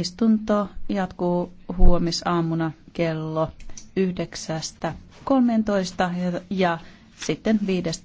Istunto jatkuu huomisaamuna kello 9.13 ja sitten 5.